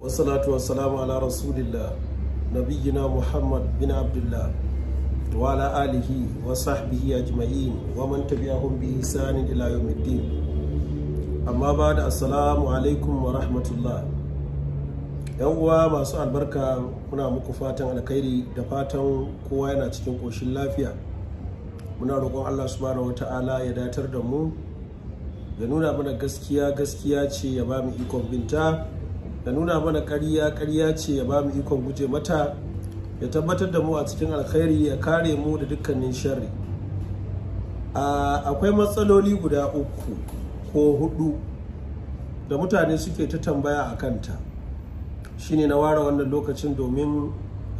wasalatu wasalamu ala rasulillah nabiyina muhammad bin abdullah wa ala alihi wa sahbihi ajma'in wa man tabi'ahum bi ihsanin ila yawmiddin amma ba da assalamu alaikum wa rahmatullah yan uwa masu albarka muna muku fatan alkhairi da fatan kowa yana cikin koshin lafiya muna roƙon allah subhanahu ta'ala ya datar da mu ya nuna mana gaskiya gaskiya ce ya ba mu ikon binta ya nuna mana ƙarya ƙarya ce ya ba mu ikon guje mata ya tabbatar da mu a cikin alkhairi ya kare mu da dukkanin sharri akwai matsaloli guda uku ko hudu da mutane suke ta tambaya a kanta shine na ware wannan lokacin domin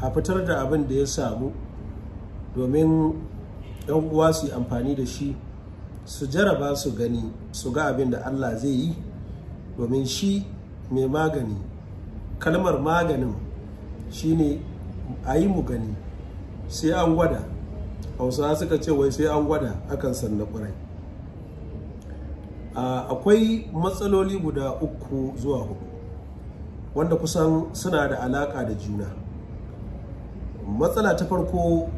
a fitar da abin da ya samu domin yan uwa su yi amfani da shi su jaraba su gani su ga abin da Allah zai yi domin shi mai magani kalmar maganin shine a yi mu gani sai an gwada hausawa suka ce wai sai an gwada akan sanna kwarai akwai matsaloli guda uku zuwa hudu wanda kusan suna da alaƙa da juna matsala ta farko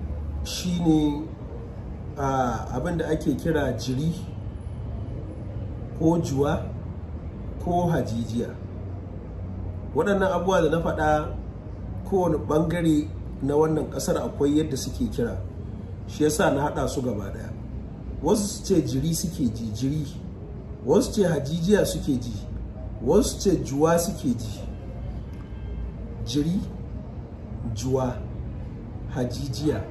shine abin da ake kira jiri ko juwa ko hajijiya waɗannan abubuwa da na faɗa kowane ɓangare na wannan ƙasar akwai yadda suke kira shi yasa na haɗa su gaba ɗaya wasu su ce jiri suke ji jiri wasu ce hajijiya suke ji wasu ce juwa suke ji jiri juwa hajijiya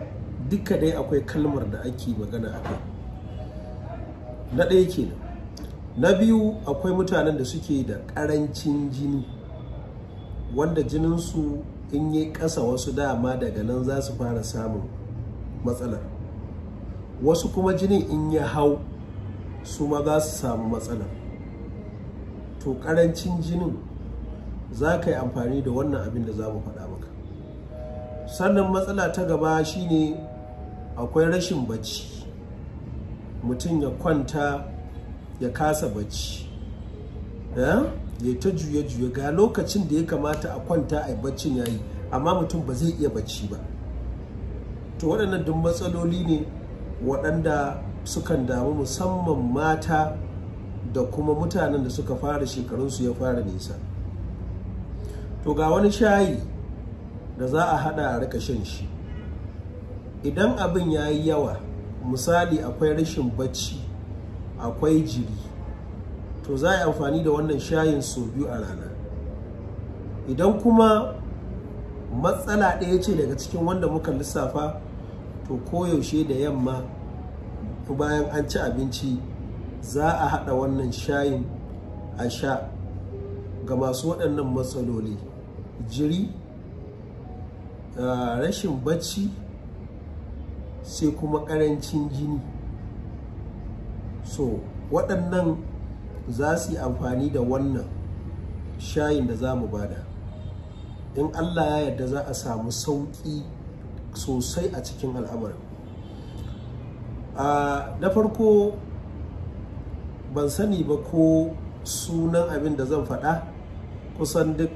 duka dai akwai kalmar da ake magana a kai na ɗaya kenan na biyu akwai mutanen da suke da ƙarancin jini wanda jininsu in yi ƙasa wasu dama daga nan za su fara samun matsala wasu kuma jinin in ya hau su ma za su samu matsala to ƙarancin jinin za ka yi amfani da wannan abin da za mu faɗa maka sannan matsala ta gaba shine akwai rashin bacci mutum ya kwanta ya kasa bacci eh? ya ta juye juya ga lokacin da ya kamata a kwanta a baccin yayi amma mutum ba zai iya bacci ba to waɗannan duk matsaloli ne waɗanda sukan damu musamman mata da kuma mutanen da suka fara shekarunsu ya fara nisa. to ga wani shayi da za a hada a rika shan shi idan abin ya yi yawa misali akwai rashin bacci akwai jiri to za a yi amfani da wannan shayin sau biyu a rana idan kuma matsala ɗaya ce daga cikin wanda muka lissafa to koyaushe da yamma bayan an ci abinci za a haɗa wannan shayin a sha ga masu waɗannan matsaloli jiri eh, rashin bacci sai kuma ƙarancin jini so waɗannan za su yi amfani da wannan shayin da za mu bada in allah ya yarda za a samu sauƙi sosai a cikin al'amarin ah, na farko ban sani ba ko sunan abin da zan faɗa kusan duk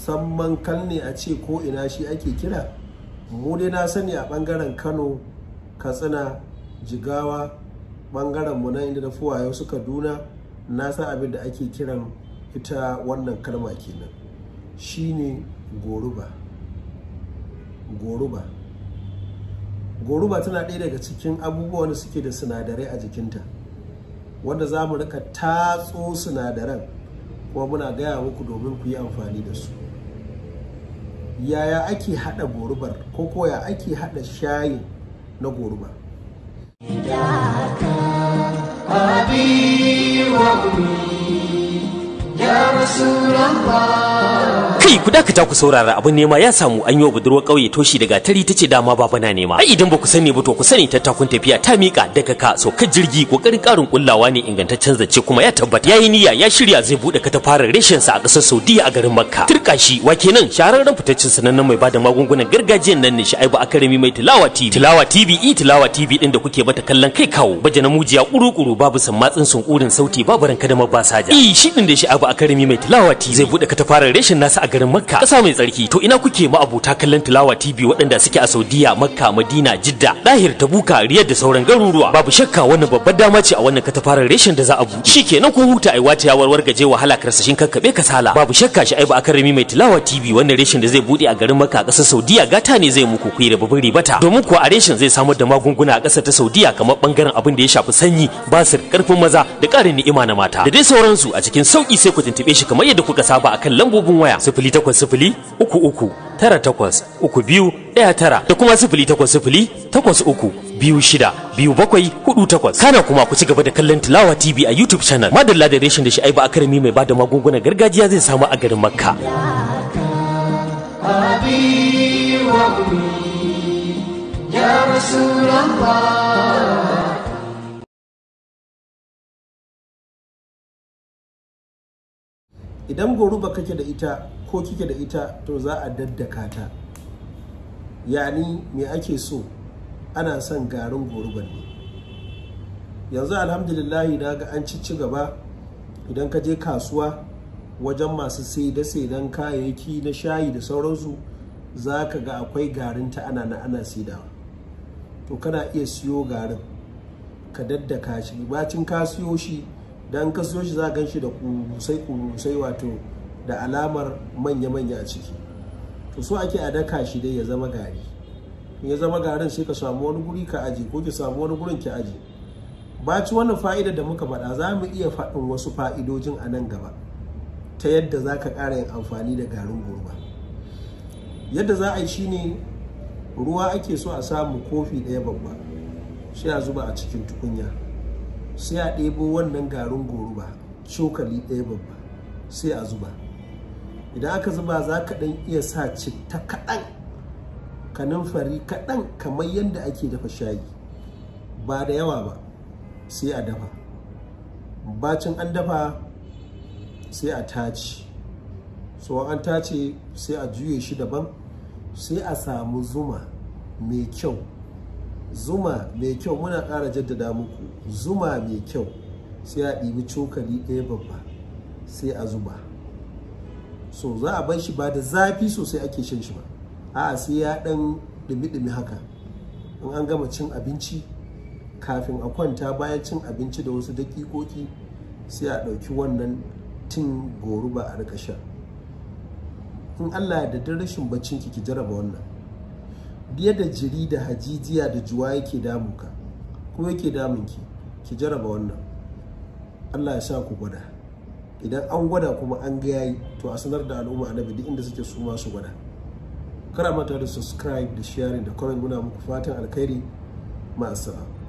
samman kalne a ce ko ina shi ake kira mu dai na sani a bangaren kano katsina jigawa bangaren mu na inda na fi su kaduna na san abin da ake kiran ita wannan kalma kenan shine goruba goruba goruba tana ɗaya daga cikin abubuwan da suke da sinadarai a jikinta wanda za mu rika tatso sinadaran kuma muna gaya muku domin ku yi amfani da su yaya ake haɗa gorubar ko koya ake haɗa shayi na goruba ya kai ku dakata ku saurara abin nema ya samu an yi wa budurwar ƙauye toshi daga tari tace dama ba bana nema ai idan ba ku sani ba to ku sani tattakun tafiya ta mika daga ka so ka jirgi kokarin karin kullawa ne ingantaccen zance kuma ya tabbata yayi niyya ya shirya zai bude katafarar reshen sa a ƙasar Saudiya a garin Makka turka shi wa kenan shahararren fitaccen sanannen mai bada magungunan gargajiyan nan ne ba Akarami mai Tilawa TV Tilawa TV e Tilawa TV din da kuke mata kallon kai kawo baje na mujiya kurukuru babu sammatsin sunkurin sauti babu ranka da mabasaja i shi din da abu Akarami mai Tilawa TV zai bude katafarar reshen nasa garin Makka ƙasa mai tsarki to ina kuke ma abota kallon Tilawa TV waɗanda suke a Saudiya Makka Madina Jidda Dahir Tabuka Riyadh da sauran garuruwa babu shakka wannan babbar dama ce a wannan katafaren reshen da za a buɗe shikenan ko huta ai wata yawar wargaje wahala karsashin kakkabe kasala babu shakka shi ai ba akarami mai Tilawa TV wannan reshen da zai buɗe a garin Makka ƙasar Saudiya gata ne zai muku kuyi da ribata domin kuwa a reshen zai samar da magunguna a ƙasar ta Saudiya kamar bangaren abin da ya shafi sanyi basir karfin maza da ƙarin ni'ima na mata da dai sauransu a cikin sauki sai ku tuntuɓe shi kamar yadda kuka saba akan lambobin waya sifili takwas sifili uku uku tara takwas uku biyu ɗaya tara da kuma sifili takwas sifili takwas uku biyu shida biyu bakwai hudu takwas kana kuma ku ci gaba da kallon tilawa tv a youtube channel madalla da reshen da shi ba akarami mai bada magungunan gargajiya zai samu a garin makka idan goruba kake da ita ko kike da ita to za a daddaka ta yani me ake so ana son garin goruban ne yanzu alhamdulillahi na ga an ci gaba idan ka je kasuwa wajen masu saida-saidan kayayyaki na shayi da sauransu za ka ga akwai garin ta ana na ana saidawa to kana iya siyo garin ka daddaka shi bacin ka siyo shi dan ka siyo shi za ka shi da kurusai kurusai wato da alamar manya-manya a ciki to so ake a daka shi dai ya zama gari ya zama garin sai ka samu wani guri ka aji ko ki samu wani gurin ki aji ci wannan fa'ida da muka faɗa za mu iya faɗin wasu fa'idojin a nan gaba ta yadda za ka ƙara yin amfani da garin gurba yadda za a yi shine ruwa ake so a samu kofi ɗaya babba shi a zuba a cikin tukunya sai a ɗebo wannan garin ba cokali ɗaya babba sai a zuba idan aka zuba za ka ɗan iya sa citta kaɗan ka numfari kaɗan kamar yadda ake dafa shayi ba da yawa ba sai a dafa bacin an dafa sai a tace so an tace sai a juye shi daban sai a samu zuma mai kyau zuma mai kyau muna ƙara jaddada muku zuma mai kyau sai a ɗibi cokali ɗaya babba sai a zuba so za a bar shi ba da zafi sosai ake shan shi ba a'a sai ya ɗan ɗumi-ɗumi haka in an gama cin abinci kafin a kwanta bayan cin abinci da wasu daƙiƙoƙi sai a ɗauki wannan tin goruba a rika sha in allah da rashin baccin ki ki jaraba wannan da jiri da hajijiya da juwa yake damun ko yake damunki ki jaraba wannan Allah ya sa ku gwada idan an gwada kuma an ga yayi to a sanar da al'umma annabi duk inda suke su ma su gwada kara mata da subscribe da sharing da comment muna muku fatan alkhairi ma'asala